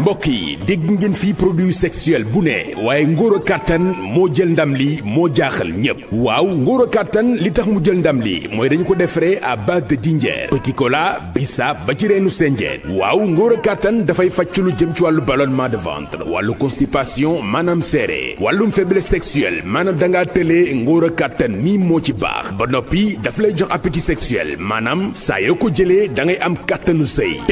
mbokk yi dégg ngeen fii produit sexuel bu ne waaye ngóor kàttan moo jël ndam li moo jaaxal ñépp waaw ngóor kàttan li tax mu jël ndam li mooy dañu ko defaree à base de dinjeer petit cola bisaab ba ci reenu senjeen waaw ngóor kàttan dafay fàcc lu jëm ci wàllu ballonnement de ventre wàllu constipation maanaam seere wàllum faiblesse sexuelle maanaam dangaa tëlee ngóor kàttan nii moo ci baax ba noppi daf lay jox appétit sexuel maanaam saa yoo ko jëlee da ngay am kàttanu sëy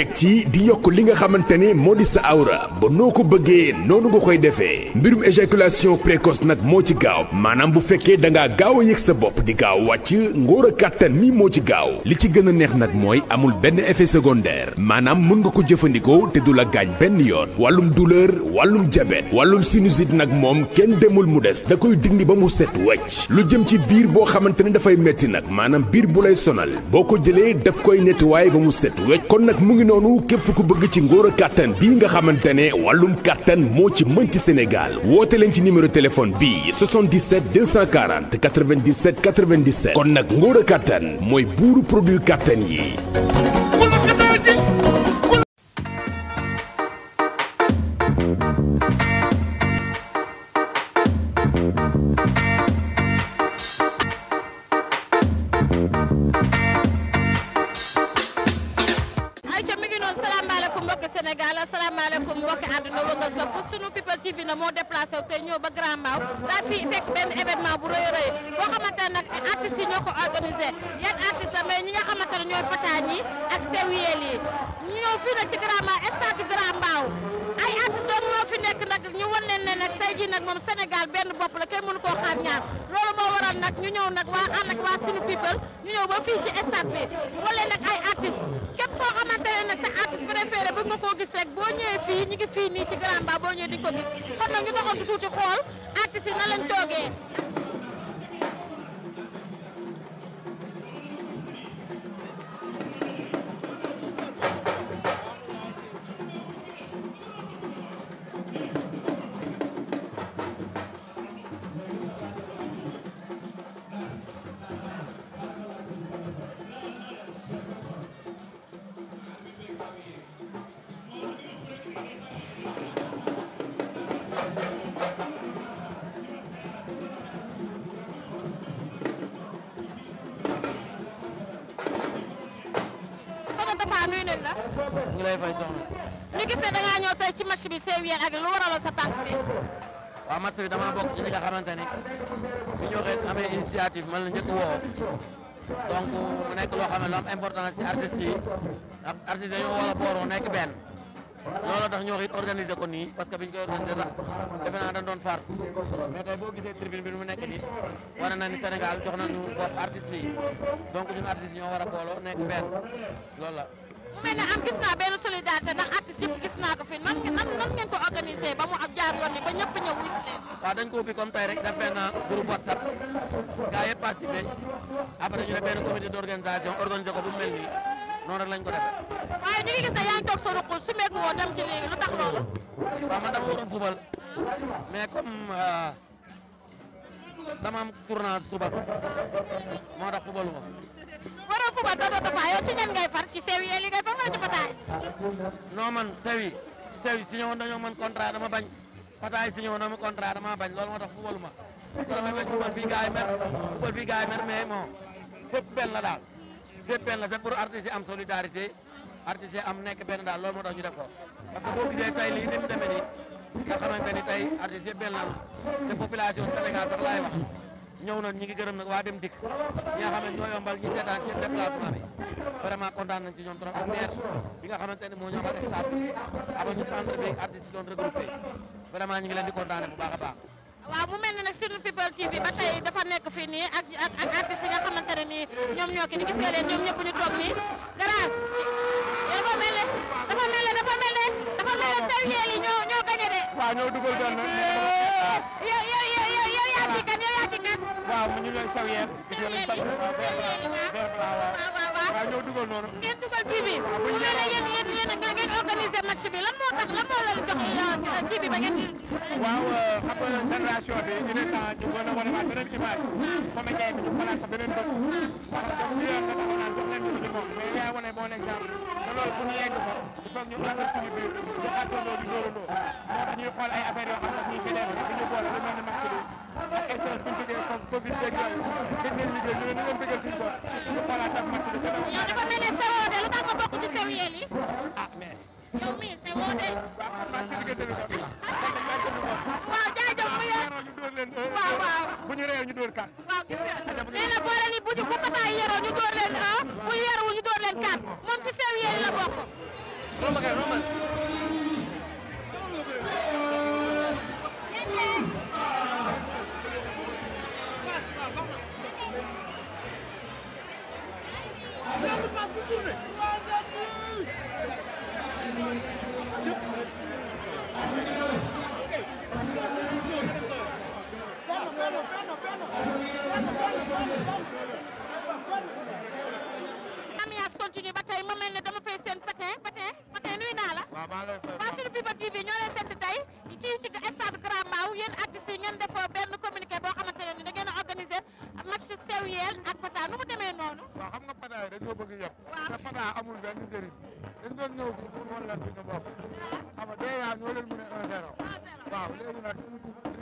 awra ba noo ko bëggee noonu nga koy defee mbirum éjaculation précoce nag moo ci gaaw maanaam bu fekkee da gaaw a yëg sa bopp di gaaw wàcc ngóor a kàttan mi moo ci gaaw li ci gën a neex nag mooy amul benn effet secondaire maanaam mën nga ko jëfandikoo te du la gaañ benn yoon wàllum douleur wàllum diabète wàllum sinusite nag moom kenn demul mu des da koy dindi ba mu set wecc lu jëm ci biir boo xamante ne dafay metti nag maanaam biir bu lay sonal boo ko jëlee daf koy nettiwaay ba mu set nag mu ngi noonu ci ngóor a xamante ne wàllum kàttan moo ci mënti Sénégal woote leen ci numéro téléphone bi 77 240 97 97 kon nag ngóor a kàttan mooy buuru produit kàttan yi Grand Mbao daa fi fekk benn événement bu rëy a rëy boo nag artistes yi ñoo ko organisé yan artistes mais ñi nga ñooy pataañ yi ak sew yeel yi ñu ñëw fii nag ci Grand Mbao stade Grand Mbao ay artistes doon moo fi nekk nag ñu wan ne nag tey jii nag moom Sénégal benn bopp la kenn mënu koo xaar ñaar loolu moo waral nag ñu ñëw nag waa ànd waa sunu people ñu ñëw ba fii ci stade bi wan nag ay artistes képp koo xamante nag féere ma koo gis rek boo ñëwee fii ñu ngi fii nii ci Grand boo ñëwee di nga ko gis kon nag ñu doxantu tuuti xool artistes na lañ toogee Moustapha nuyu nañ la. ñu ngi lay fay soxna. ñu gis ne da ngaa ñëw tey ci match bi Séville ak lu waraloon sa tànk fii. waaw match bi dama bokk ci li nga xamante ni bi ñu waxee amee initiative man la njëkk woo donc mu nekk loo xam ne lu am importance ci artistes yi ndax artistes yi dañoo war a booroo nekk benn. looloo tax ñoo xit organisé ko nii parce que biñ koy organisé sax defe naa doon farce mais tey boo gisee tribune bi mu nekk nii wane na ni Sénégal jox nañu bopp artistes yi donc ñun artistes yi war a booloo nekk benn loolu la. ne am gis naa benn solidarité ndax artistes yëpp gis naa ko fi nan nan ngeen ko organisé ba mu ab jaar ba ñëpp ñëw wis leen. waaw dañ ko ubbi comme tey rek def benn groupe WhatsApp gars yëpp participé après ñu def benn comité d' organisation organisé ko bu noonu rek lañ ko defee. waaye ñu ngi gis ne yaa ngi su meeku woo dem ci léegi lu tax loolu. waaw man dama waroon fubal mais comme euh, dama am tournage moo tax fubalu ma. waroo fubal dootoo Tapha ci ñan ngay far ci sew yi li ngay far wala ci pataay. non man sew yi sew yi si ñëwoon dañoo mën contrat dama bañ pataay si ñëwoon dama contrat dama bañ loolu moo tax fubalu ma. parce que bañ fubal fii gars mer fubal fii gars yi mer mais bon fépp benn la daal. fépp benn la sax pour yi am solidarité artistes yi am nekk benn daal lool moo tax ñu def ko parce que boo gisee tey lii ni mu demee nii nga xamante ni tey artistes yëpp benn la te population Sénégal sax laay wax na ñi ngi gërëm nag waa dem dikk ñi nga xam ne ñoo yombal ñi seetaan ci déplacement bi vraiment kontaan nañ ci ñoom trop am maire bi nga xamante ne moo ñu amal stade amal ñu centre bi artistes yi doon regroupé vraiment ñi la leen di kontaane bu baax a baax waaw mu mel ne nag sunu people TV ba tey dafa nekk fii nii ak ak ak artistes yi nga xamante ne nii ñoom ñoo ki di gis nga leen ñoom ñëpp ñu toog nii garaan dafa mel ne dafa mel ne dafa mel ne dafa mel ne sew yeel yi ñoo ñoo gañe de. waaw ñoo dugal benn. yow yow yow yow yow yaa ci kan yow yaa ci kan. waaw ñu ngi lay sew yeel. sew yeel yi waaw ñoo dugal noonu. ngeen dugal bii bi. mu mel ne yéen yéen yéen nga ngeen organiser match bi lan moo tax lan moo leen jox waaw euh, xam nga génération bi dina temps ñu gën a wane waat beneen image comédien bi ñu xalaat ko beneen bët wax dëgg yàlla dafa naan jox leen ko ci moom mais yaay wane bon exemple te loolu bu ñu yegg fa il faut ñu àndal suñu biir ñu xàttandoo di dóorandoo moo tax ñuy xool ay affaires yoo xam ne ñuy fédéré bi ñu boole lu mel ni match bi ak stress bu ñu jógee comme Covid beeg yooyu gëj nañ liggéey ñu ne ni ngeen bëggal suñu bopp ñu xoolaat ak match bi. yow dafa mel ne sewoo de lu tax nga bokk ci sewiyeel yi. ah mais. yow mii c'est mu yaroo ñu bu ñu réew ñu dóor kat. waaw gis boole li bu ñu bu pataay ñu dóor leen un bu yaru ñu dóor leen kat moom ci seen yéen la bokk. yow a ak pata nu mu demee noonu. waaw xam nga pata yi dañoo bëgg yëpp. te pata amul a njëriñ. dañ doon ñëw fii pour wan leen fi ñu bokk. xam nga déjà ñoo leen mën a 1 0. waaw léegi nag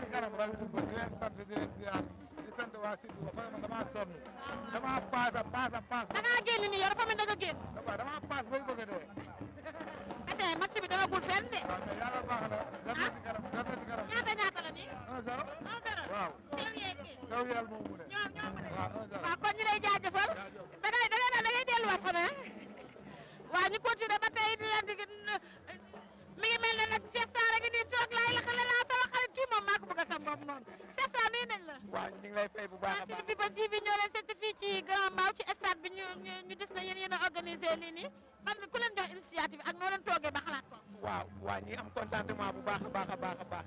li kanam rafet na di leen sant di leen ziar di sant waa Sidi ba pare man damaa a a paas. da ngaa génn da nga génn. damaa paas bay tey match bi demagul fenn de. Ah? ñaata ñaata la nii. 1-0 1-0 waaw. sew lay jaajëfal. da ngay delluwaat fa ne. ñu continuer ba tey di mel ne nag Cheikh a nii toog laay la la sama xarit kii moom maa ko bëgg a sam bopp noonu Cheikh Sarr nuyu la. waaw ñu ngi lay fay bu baax a baax. Biba TV ñoo leen seet fii ci Grand Mbao ci stade ñu gis na yéen yéen a organisé lii nii ban ku leen jox initiative ak noo leen toogee ba xalaat ko. waaw waa ñi am contentement bu baax a baax a baax a baax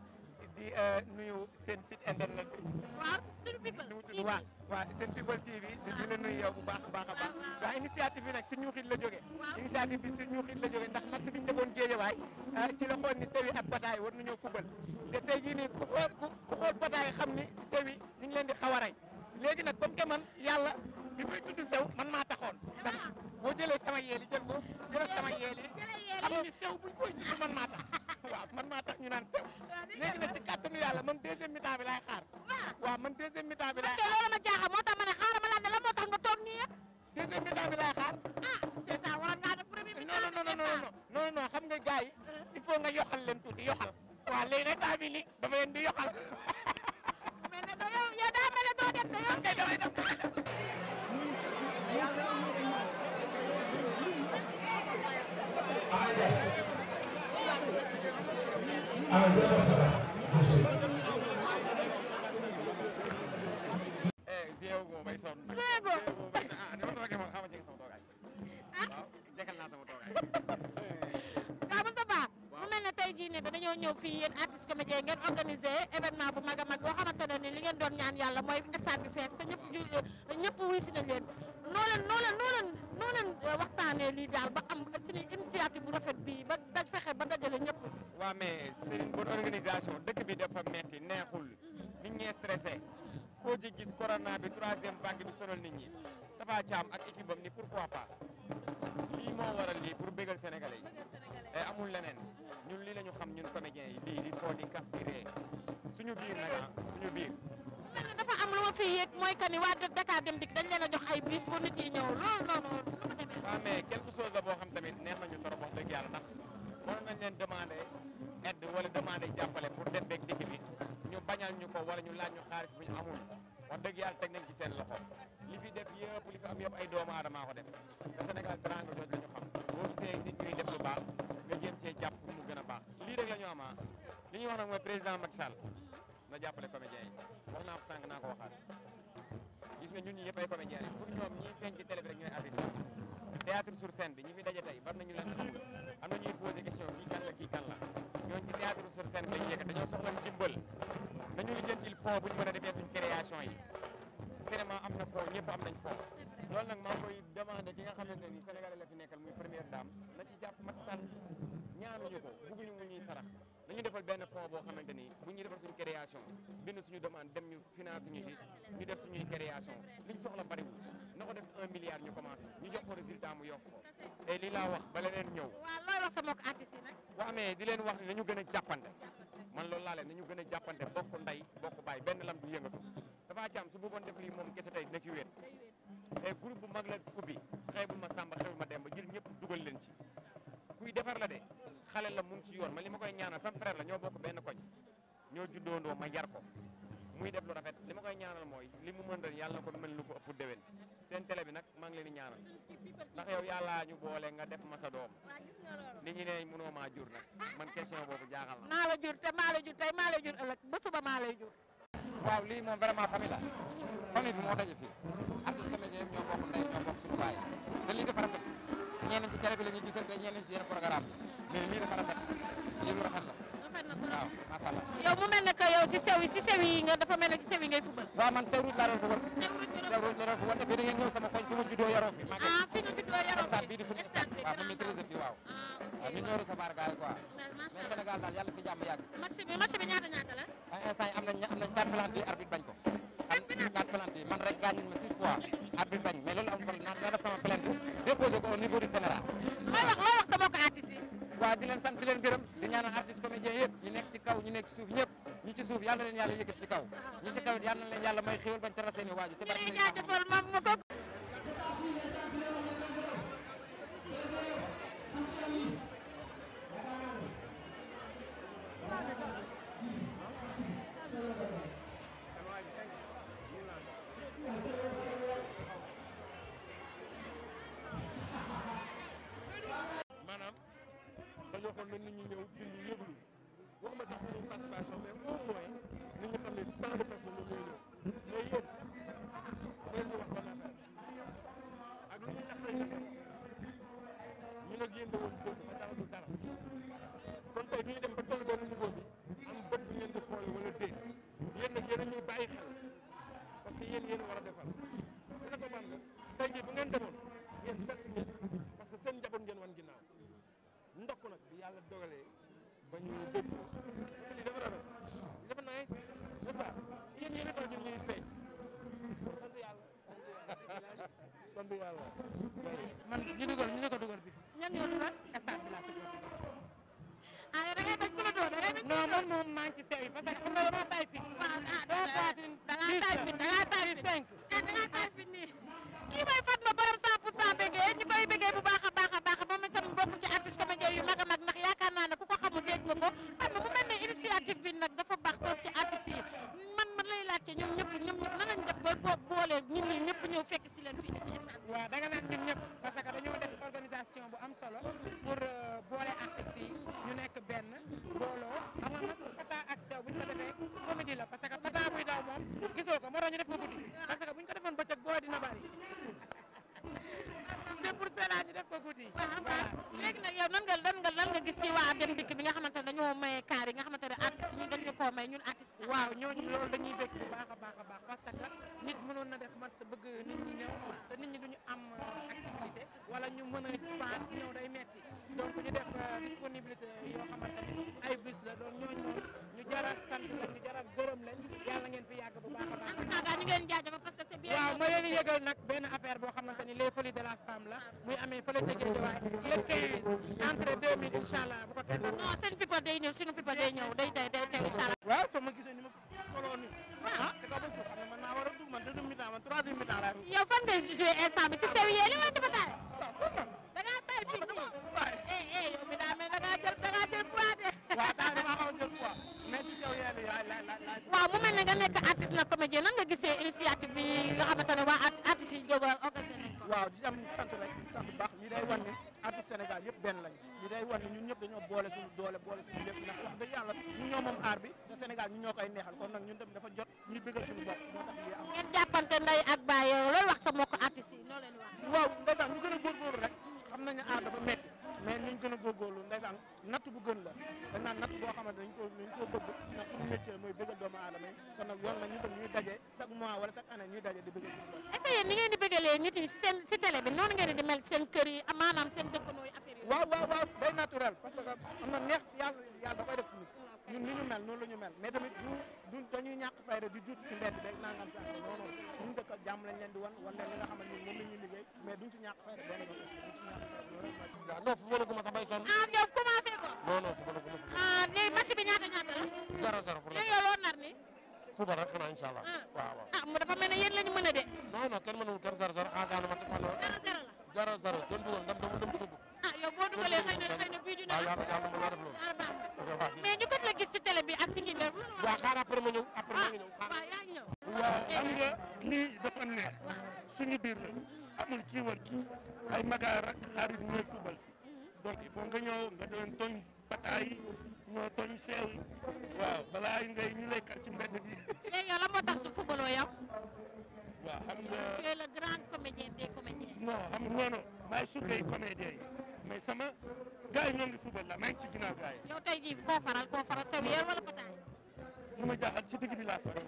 di euh, nuyu seen site internet bi. waaw sunu people TV waaw waaw seen people TV. waaw di la nuyu yow bu baax a baax a baax. waaw initiative bi nag si ñu xit la jógee. initiative bi si ñu la jógee ndax match bi ñu defoon géejewaay euh, ci la xool ni Séwi ak Bataay war nañoo fubal te tey jii ku xool Bataay xam ni Séwi ñu leen di a léegi nag comme que man yàlla bi muy tudd sew man maa taxoon ndax ah. boo jëlee sama yeel yi jël ko jëlee sama yeel yi xam nga sew buñ koy tudd man maa tax waaw man maa tax ñu naan sew léegi nag yàlla man deuxième mi-temps bi laay xaar waaw man deuxième mi-temps bi laay xaar loolu ma jaaxal moo tax ma ne xaaral ma laaj ne la moo tax nga toog nii yëpp deuxième mi-temps bi laay xam nga gars yi euh. nga yoxal leen tuuti yoxal waaw léegi nag bi nii dama fii yéen Médié ngeen organisé événement bu mag a mag boo xamante ne ni li doon ñaan yàlla mooy stade bi fees te ñëpp ñëpp si nañ leen noo leen noo leen noo leen euh, lii daal ba am suñu bu rafet bii ba da fexe ba dajale ñëpp waa mais c'est une bonne organisation dëkk bi dafa metti neexul mm-hmm. nit ñee stressé koo ji gis corona bi troisième vague bi sonal nit ñi Tapha Thiam ak équipe am ni pourquoi pas lii moo waral lii pour bégal sénégalais yi eh, amul leneen ñun lii la ñu xam ñun comédiens yi lii di foo di kaf di ree suñu biir nag ah, suñu biir dafa am lu ma fi yéeg mooy que waa Dakar Dem Dikk dañ leen a jox ay bus pour nit yi ñëw loolu noonu nu ma demee waaw ah, mais quelque chose boo xam tamit neex nañu torop wax dëgg yàlla ndax waroon nañ leen demander aide wala demander jàppale pour dem beeg dikki bañal ñu ko wala ñu laaj ñu xaalis bu ñu amul wax dëgg yàlla teg nañ ci seen loxo li fi def yëpp li fi am yëpp ay doomu aadama ko def te Sénégal teranga jooju la ñu xam boo gisee nit ñuy def lu baax nga jéem cee jàpp pour mu gën a baax lii rek la ñu am ah. li ñuy wax nag mooy président Macky Sall na jàppale comédien yi wax naa ko sànq naa ko waxaat gis nga ñun ñi yëpp ay comédien yi ñoom ñiy feeñ ci télé rek ñooy artiste théâtre sur scène bi ñi fi daje tey bari nañu leen xamul am na ñuy posé question kii kan la kii kan la ñooñu ci théâtre sur scène bi lañ yëkkat dañoo soxla bu ñu mën a defee suñ création yi cinéma am na foo ñëpp am nañ fond loolu nag maa ngi koy demandé ki nga xamante ni sénégalais la fi nekkal muy première dame na ci jàpp Macky Sall ñaanuñu ko ñu mu ñuy sarax nañu defal benn fond boo xamante ni bu ñu defal suñu création bind suñu demande dem ñu financé ñu ñu def suñuy création liñ soxla bariwul na ko def un milliard ñu commencé ñu jox ko résultat mu yokk ko te lii laa wax ba leneen ñëw. waaw looy wax sa mbokk artistes di leen wax ne nañu gën a jàppante man loolu laa leen nañu gën a jàppante bokk ndey bokk baay benn lam du yëngatu dafa caam su bëggoon def lii moom kese tey na ci wéet. te groupe bu mag la ubbi xeebul ma Samba xeebul ma Demba jël ñëpp dugal leen ci. kuy defar la de xale la mun ngi ci yoon man li ma koy ñaanal sam frère la ñoo bokk benn koñ ñoo juddoondoo ma yar ko muy def lu rafet li ma koy ñaanal mooy li mu mën ren yàlla ko mën lu ko ëpp déwén seen télé bi nag maa ngi leen di ñaanal ndax yow yàlla ñu boole nga def ma sa doom nit ñi ne mënoo maa jur nag man question boobu jaaxal na. maa la jur te maa la jur tey maa la jur ba suba maa lay jur. waaw lii moom vraiment famille la famille fi moo daje fii te lii dafa rafet ñeneen ci télé bi la ñuy gisante ñeneen ci yeneen programme mais lii dafa rafet lii rafet la. rafet na trop waaw macha allah. yow mu mel ne que yow si sew yi si sew yi nga dafa mel ne si sew yi ngay fubal. waaw man sew route laa doon fubal. sew route laa doon fubal et puis da ngeen ñëw sama koñ fi ma juddoo yaroo fi. ah fi nga juddoo yaroo fi stade bii di fubal stade waaw ma maîtriser fii waaw. Ah, waaw ñun ñoo recevoir gars yi quoi. mais Sénégal daal yàlla fi jàmm yàgg. match bi match bi ñaata ñaata la. Ah, instant yi am nañ am nañ tàmbalante arbitre bañ ko man naat plainte yi man rek gaañ nañ ma six fois at bi bañ mais loolu amul problème naa def sama plainte déposé ko niveau du Sénégal. loo wax loo wax sa mbokk artistes yi. di leen sant di leen gërëm di ñaanal artistes comédiens yëpp ñi nekk ci kaw ñi nekk ci suuf ñëpp ñi ci suuf yàlla na leen yàlla yëkkati ci kaw ñi ci kaw it yàlla na leen yàlla may xéwal bañ tara seeni waaju ci barke jaajëfal ma ma kon na nit ñi ñëw bind yëglu ma sax ñu participation mais au moins nit ñi xam ne tant de personnes ñoom ñooy ñëw man ñu dugal ñu dugal bi. ñan ñoo dugal stade bi laa ko dugal. ah da ngay bañ da ngay bañ non man moom maa ngi ci sew yi parce que xam nga damaa tay fit. waaw ah tay fit da génn booloo ama mas pata ak sew bu ñu ko defee comédie la parce que pata buy daw moom gisoo ko moo tax ñu def ko guddi parce que bu ñu ko defoon bëccëg boo dina bari c'est pour cela ñu def ko guddi voilà léegi gis ci waa dikk bi nga xamante ne dañoo maye kaar yi ne artiste ñu dañu koo may ñun artiste waaw ñooñu loolu dañuy bëgg baax a baax a baax parce que nit mënoon na def man sa bëgg nit ñi ñëw te nit ñi duñu am euh, activité wala ñu mën a paas ñëw day metti donc ñu def euh, disponibilité yoo xamante ay bus la donc ñooñu moom ñu jara sant la ñu jara gërëm lañ yàlla ngeen fi yàgg bu baax a baax. ñu ngi leen jaajëfal parce que c'est ma leen di yëgal nag de la femme la muy amee fële ca Guédiawaye le 15 entre 2000 incha allah bu ko kenn. non seen people day ñëw sunu people ma gisee ni ma xoloon ah. ah, ni a yow fan ngay joué instant bi ci sew yee li wala ci jii nan nga gisee initiative bi nga xamante ne waa artistes yi jóg organisé nañ ko. waaw di am sant rek sant bu baax li day wan ne artiste Sénégal yëpp benn lañ li day wan ne ñun ñëpp dañoo boole suñu doole boole suñu lépp ndax wax dëgg yàlla ñun ñoo moom aar bi te Sénégal ñun ñoo koy neexal kon nag ñun tamit dafa jot ñuy bëggal suñu bopp moo tax lii am. jàppante nday ak baay loolu wax sa mbokku artistes yi mois wala chaque année ñuy daje di bëgg suñu bopp. est-ce que yéen ni ngeen seen si télé bi noonu ngeen di mel seen kër yi maanaam seen dëkkandoo yi affaire waaw waaw waaw naturel parce que am na neex ci yàlla yàlla da koy def ci nit ñun di juutu nangam sax non non ñun dëkkal leen di wan wan nga xam ne moom la liggéey mais duñ ci ñàkk fayda benn bopp aussi duñ ci ñàkk fayda loolu rek bay sonn. ah yow commencé ah, bi ñaata ñaata la. 0-0 pour la. léegi yow nar ni. football rek xanaa incha allah. Ah. waaw waaw ah mu dafa mel ne yéen la ñu mën a de. non non kenn mënul kenn zero zero xaasaanu ah, ma ci fan la. zero zero kenn dugal ndam dama dem dugg. ah yow boo dugalee xëy na xëy na bii dina. waaw yàlla yàlla mën naa def loolu. Ah, mais ñu kot la gis si télé bi ak si kii ndar. waaw xaaral après ma ñëw après ma ñëw. waaw yaa ngi ñëw. waaw xam nga lii dafa neex suñu biir la amul kii war kii ay maga rak xarit ñooy football fi mm-hmm. donc il faut nga ñëw nga doon toñ bataay ñoo tooñ seew waaw balaa ngay ñu lay kar mbedd bi. léegi yow tax su footballoo yow. waaw xam nga tu maay surgay comédien yi sama gars yi ñoo la maa ngi ci ginnaaw gars yow tey jii koo faral koo faral sew yéen wala pataay. lu jaaxal ci digg bi laa faral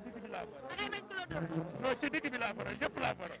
ci digg bi laa faral. da laa faral.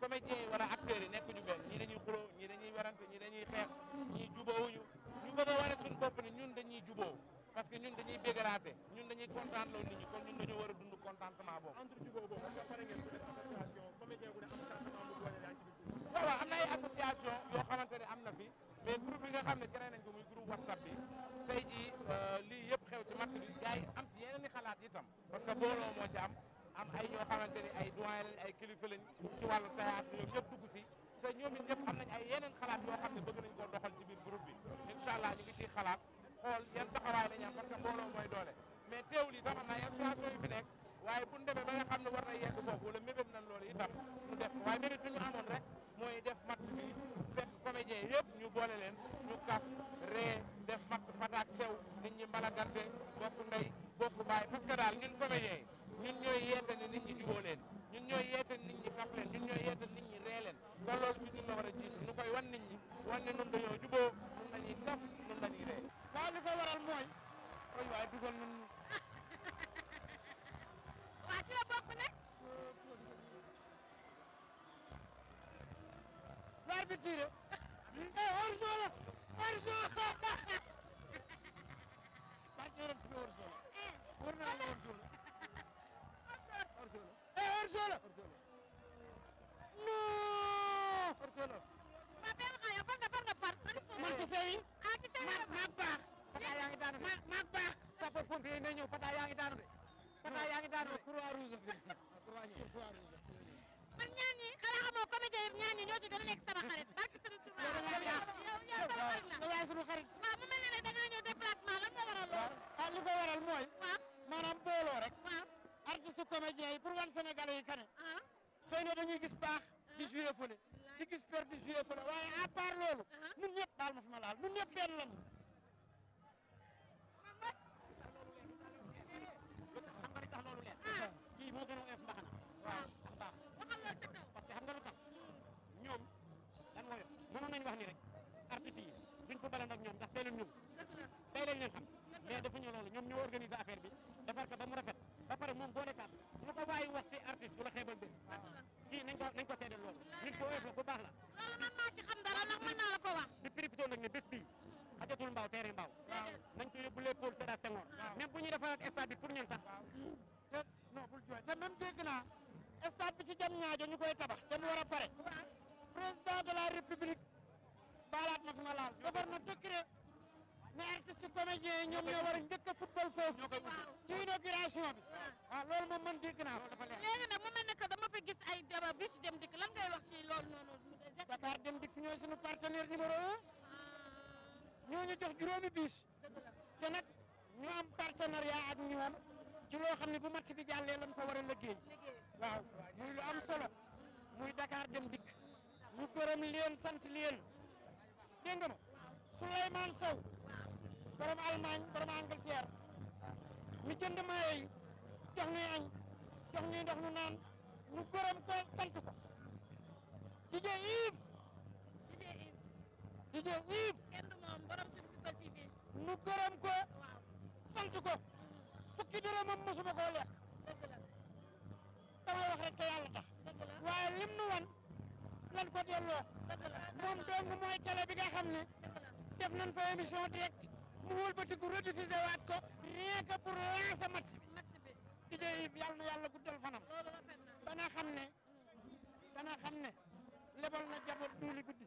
comédiens yi wala acteurs yi nekkuñu benn ñii dañuy xuloo ñii dañuy werante ñii dañuy xeex ñii jubóowuñu ñu bëgg a wane suñu bopp ni ñun dañuy jubóo parce que ñun dañuy bégalaate ñun dañuy kontaan loolu nit ñi kon ñun war a dund contentement boobu. entre jubóo am contentement na ay association yoo xamante ne am na fi mais groupe bi nga xam ne créé nañ ko muy groupe whatsapp bi tey jii euh, lii yëpp xew ci match bi gars yi am ci yeneen i xalaat itam parce que booloo moo ci am am ay ñoo xamante ni ay doyen ay kilifa lañ ci wàllu théâtre ñoom ñëpp dugg si te ñoom it ñëpp am nañ ay yeneen xalaat yoo ne bëgg nañ koo doxal ci biir groupe bi incha allah ñu ngi ciy xalaat xool yan taxawaay lañ am parce que mbooloo mooy doole mais teewul itam am na ay association fi nek waaye bu ñu demee ba nga xam ne war na yegg foofu wala mébét nañ loolu itam ñu def waaye mébét bi ñu amoon rek mooy def match bi fekk comédien yëpp ñu boole leen ñu kaf ree def sew nit ñi mbalagante bokk ndey bokk baay parce que daal ñun comédien yi ñun ñooy yeete ne nit ñi juboo ñun ñooy yeete nit ñi kaf ñun ñooy yeete nit ñi ree leen ci ñun la war a jiitu koy wan nit ñi wan ne nun dañoo juboo nun lañuy kaf nun lañuy ree waaw li ko waral mooy oy dugal nun waa ci la bokk nag l'arbitre eh hors jeu la hors jeu parce que hors jeu la war naa la hors-jeu la. non. hors-jeu la. waaw benn xaar yow fan nga fan nga far. Ah, daanu de. maag baax. sapeur pompier yi na ñëw daanu de. Fata daanu de. croix rouge bi. man ñaan ñi xanaa xamoo ñoo ci gën a nekk sama xarit. barke sëñ Tuubaa yow mu mel ne nag da ngaa ñëw déplacement waral lool. ah li waral mooy. waaw maanaam booloo rek. artiste comédien yi pour wan Sénégalais yi kane ah. xëy na dañuy gis baax ah. di joué fële di gis peur di joué fële waaye à loolu ah. ñun ñëpp daal ma fi ma laal ñun ñëpp benn lañu kii moo gën a oyof mbaxana waaw ndax baax que xam nga lu tax ñoom lan mooy mënoon nañu wax ni rek artistes yi duñ ko balan ak ñoom ndax tey leen ñun tey leen leen xam mais defuñu loolu ñoom ñoo organiser affaire bi defar ko ba mu rafet ba pare moom boo nekkaat lu ko bàyyi wax si artiste du la xeebal bés. kii nañ ko nañ ko seedeel loolu. nit ku woyof la ku baax la. loolu man maa ci xam dara ndax naa la ko wax. di profité nag ne bés bii xajatul mbaaw teere mbaaw. nañ ko yóbbu les pôles Sédar Senghor. même bu ñuy defaraat bi pour ñun sax. te non bul jooy naa stade bi ci jam ñaajo ñu koy tabax te war a pare. président de la république baalaat na fi nga laal defar na décret. ne artiste comédien ñoom ñoo war a njëkk a football foofu ci inauguration bi waaw ah, moom man dégg naa ko dafa leer nag mu mel ne que dama fa gis ay daba bis dem dikk lan ngay wax si loolu noonu Dakar dem dikk ñooy suñu partenaire numéro un ñoo ñu jox juróomi bis te nag ñu am partenariat ak ñoom ci loo xam ni bu match bi jàllee lañ ko war a liggéey waaw muy lu am solo muy Dakar dem dikk ñu gërëm leen sant leen dégg nga Sow borom añ borom Angleterre mi jënd mayo yi jox nuy añ jox nuy ndox nu naan nu gërëm ko sant ko DJ Yves DJ Yves nu gërëm ko sant ko fukki dërëmam mosuma koo lekk wax rek yàlla tax waaye lim nu wan lan ko delloo moom dong mooy télé bi nga xam ne def nañ fa émission direct mu wëlbatiku rediffuser waat ko rien que pour lancer match bi. match bi na yàlla guddal fanam. dana xam ne dana xam ne lebal na jaboot duuli guddi.